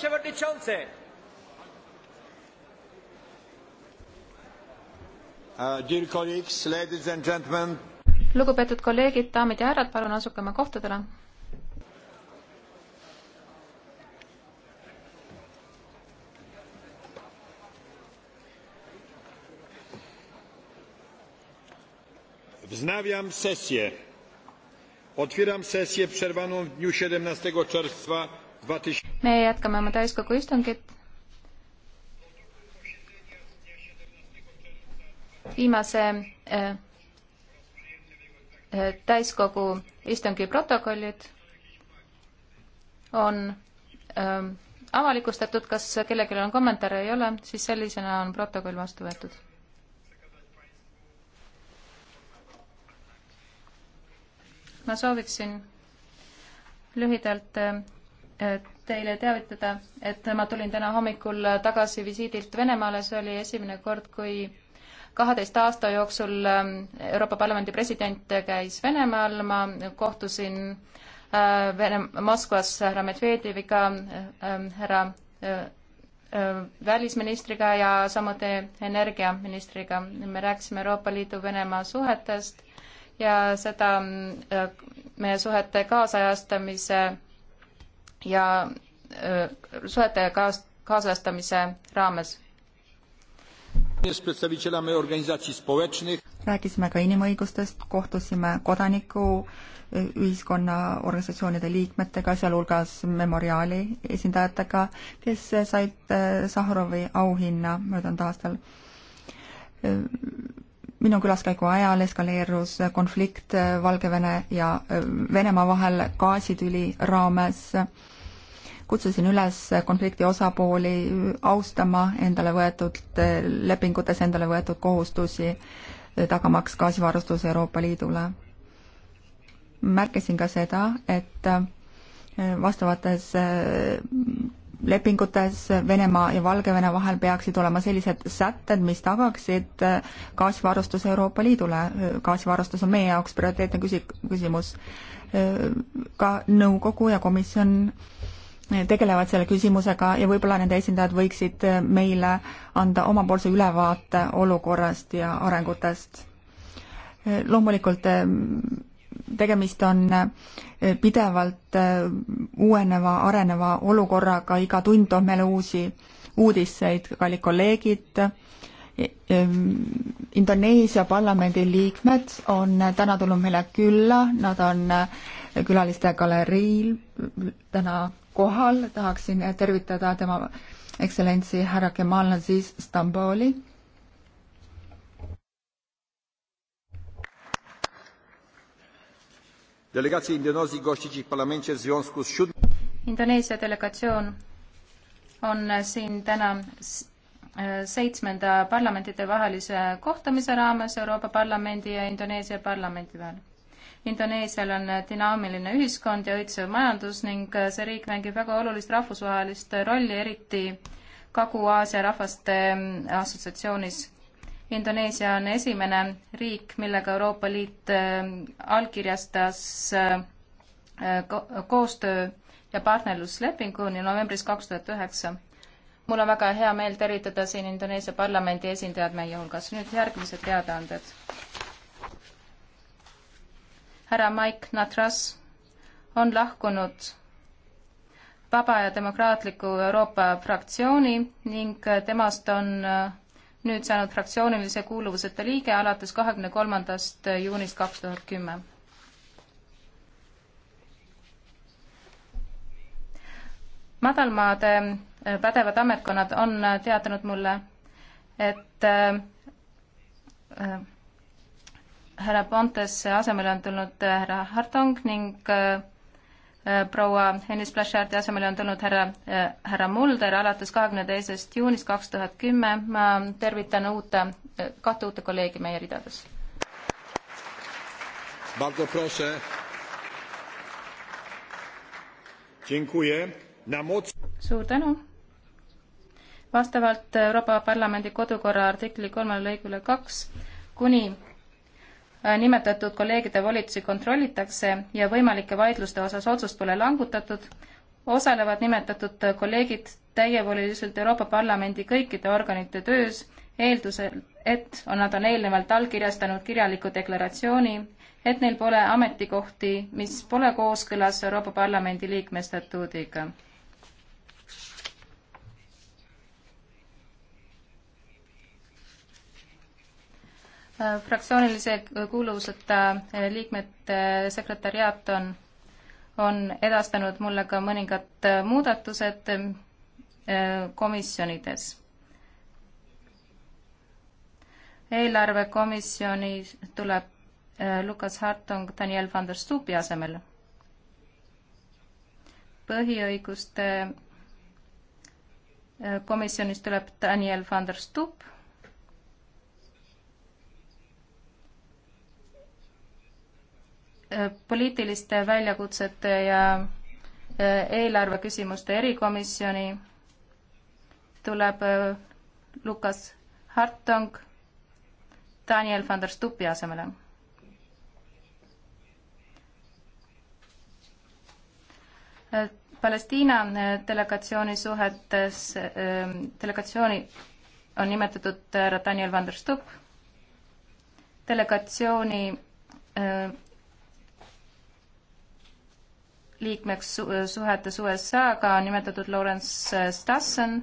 przewodniczący! Uh, lugupeetud kolleegid, daamid ja härrad, palun asuge oma kohtadele. Wznawiam sesję. Otwieram sesję przerwaną w dniu 17 czerwca me jätkame oma täiskogu istungit. viimase äh, äh täiskogu istungi protokollid on äh, avalikustatud, kas kellelgi on kommentaare, ei ole, siis sellisena on protokoll vastu võetud. ma sooviksin lühidalt äh, teile teavitada, et ma tulin täna hommikul tagasi visiidilt Venemaale, see oli esimene kord, kui kaheteist aasta jooksul ähm, Euroopa Parlamendi president käis Venemaal, ma kohtusin äh, Vene-, Moskvas härra Medvedjeviga, ähm, härra äh, äh, välisministriga ja samuti energiaministriga. me rääkisime Euroopa Liidu Venemaa suhetest ja seda meie suhete kaasajastamise ja suhete kaas-, kaasajastamise raames. rääkisime ka inimõigustest, kohtusime kodanikuühiskonna organisatsioonide liikmetega, sealhulgas Memoriaali esindajatega, kes said e, Sahhrovi auhinna möödunud aastal e, minu külaskäigu ajal eskaleerus konflikt Valgevene ja e, Venemaa vahel gaasitüli raames kutsusin üles konflikti osapooli austama endale võetud lepingutes endale võetud kohustusi, tagamaks gaasivarustuse Euroopa Liidule. märkisin ka seda, et äh, vastavates äh, lepingutes Venemaa ja Valgevene vahel peaksid olema sellised sätted, mis tagaksid äh, gaasivarustuse Euroopa Liidule. gaasivarustus on meie jaoks prioriteetne küsi-, küsimus. ka nõukogu ja komisjon tegelevad selle küsimusega ja võib-olla nende esindajad võiksid äh, meile anda omapoolse ülevaate olukorrast ja arengutest. Äh, loomulikult äh, tegemist on pidevalt uueneva, areneva olukorraga, iga tund on meil uusi uudiseid, kallid kolleegid, Ehm, Indoneesia parlamendi liikmed on täna tulnud meile külla, nad on eh, külaliste galeriil täna kohal, tahaksin eh, tervitada tema ekstsellentsi härra Kemal Aziz Stamboli. delegacja Indonezji gości dziś w parlamencie w związku z siódmym Indoneesia delegatsioon on eh, siin täna seitsmenda parlamentidevahelise kohtumise raames Euroopa Parlamendi ja Indoneesia parlamendi vahel. Indoneesial on dünaamiline ühiskond ja õitsev majandus ning see riik mängib väga olulist rahvusvahelist rolli, eriti Kagu-Aasia rahvaste assotsiatsioonis. Indoneesia on esimene riik, millega Euroopa Liit ehm, allkirjastas ehm, koostöö ja partnerluslepingu novembris kaks tuhat üheksa mul on väga hea meel tervitada siin Indoneesia parlamendi esindajad meie hulgas. nüüd järgmised teadaanded. härra Mike Natras on lahkunud Vaba ja Demokraatliku Euroopa fraktsiooni ning temast on äh, nüüd saanud fraktsioonilise kuuluvuseta liige alates kahekümne kolmandast juunist kaks tuhat kümme. madalmaade pädevad ametkonnad on teatanud mulle, et äh, äh, härra Pontesse asemele on tulnud härra Hartong ning äh, proua Hennis Blachardi asemele on tulnud härra, härra Mulder alates kahekümne teisest juunist kaks tuhat kümme. ma tervitan uute, kahte uute kolleegi meie ridades. suur tänu vastavalt Euroopa Parlamendi kodukorra artikli kolmele lõigule kaks kuni äh, nimetatud kolleegide volitusi kontrollitakse ja võimalike vaidluste osas otsust pole langutatud, osalevad nimetatud kolleegid täievoliliselt Euroopa Parlamendi kõikide organite töös eeldusel, et on, nad on eelnevalt allkirjastanud kirjaliku deklaratsiooni, et neil pole ametikohti, mis pole kooskõlas Euroopa Parlamendi liikme statuudiga fraktsioonilise kuuluvuseta liikmete sekretäriaat on, on edastanud mulle ka mõningad muudatused eh, komisjonides. eelarvekomisjoni tuleb eh, Lukas Hartong Daniel van der Stupi asemel. põhiõiguste eh, komisjonis tuleb Daniel van der Stupp Äh, poliitiliste väljakutsete ja äh, eelarveküsimuste erikomisjoni tuleb äh, Lukas Hartong Daniel van der Stupi asemele. Palestiina delegatsiooni suhetes, delegatsiooni on nimetatud härra Daniel van der Stupp, delegatsiooni liikmeks suhetes USA-ga on nimetatud Lawrence äh, Stassen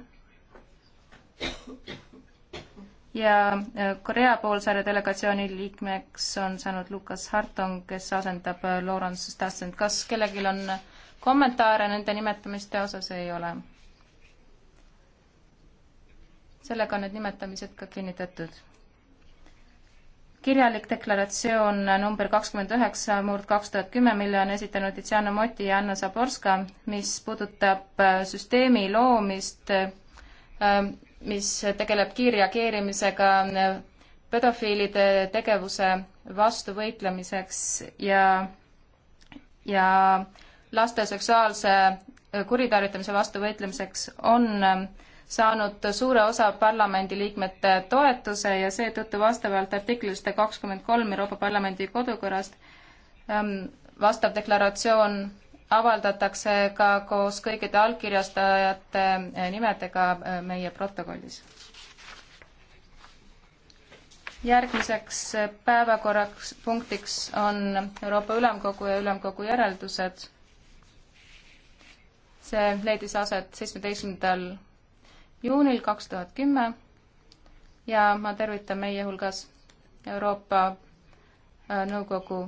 ja äh, Korea poolsaare delegatsiooni liikmeks on saanud Lukas Hartong, kes asendab äh, Lawrence Stassen. kas kellelgi on kommentaare nende nimetamiste osas? ei ole. sellega on need nimetamised ka kinnitatud kirjalik deklaratsioon number kakskümmend üheksa murd kaks tuhat kümme, mille on esitanud Tiziana Moti ja Anna Zaborska, mis puudutab äh, süsteemi loomist, äh, mis tegeleb kiirreageerimisega äh, pedofiilide tegevuse vastu võitlemiseks ja, ja laste seksuaalse kuritarvitamise vastu võitlemiseks, on äh, saanud suure osa parlamendiliikmete toetuse ja seetõttu vastavalt artiklile sada kakskümmend kolm Euroopa Parlamendi kodukorrast ähm, vastav deklaratsioon avaldatakse ka koos kõikide allkirjastajate äh, nimedega äh, meie protokollis. järgmiseks äh, päevakorraks punktiks on Euroopa Ülemkogu ja Ülemkogu järeldused. see leidis aset seitsmeteistkümnendal juunil kaks tuhat kümme ja ma tervitan meie hulgas Euroopa äh, Nõukogu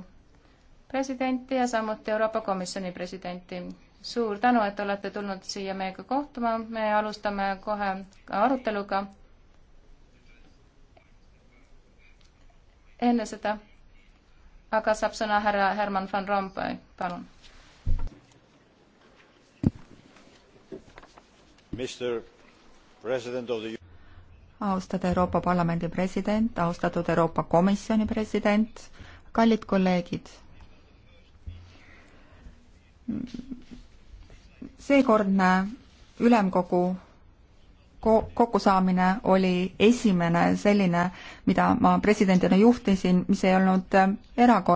presidenti ja samuti Euroopa Komisjoni presidenti. suur tänu, et olete tulnud siia meiega kohtuma, me alustame kohe aruteluga. enne seda aga saab sõna härra Herman van Rompuy, palun. Mr austatud Euroopa Parlamendi president, austatud Euroopa Komisjoni president, kallid kolleegid. seekordne ülemkogu ko-, kokkusaamine oli esimene selline, mida ma presidendina juhtisin, mis ei olnud äh, erakordne.